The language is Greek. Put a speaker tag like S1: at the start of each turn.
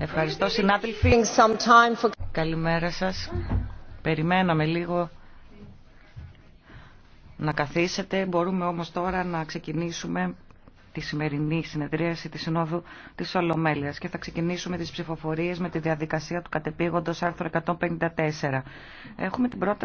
S1: Ευχαριστώ συνάδελφοι. Καλημέρα σας. Περιμέναμε
S2: λίγο να καθίσετε. Μπορούμε όμως τώρα να ξεκινήσουμε τη σημερινή συνεδρίαση της Συνόδου της Ολομέλειας και θα ξεκινήσουμε τις ψηφοφορίες με τη διαδικασία του κατεπήγοντος άρθρο 154. Έχουμε την
S3: πρώτη.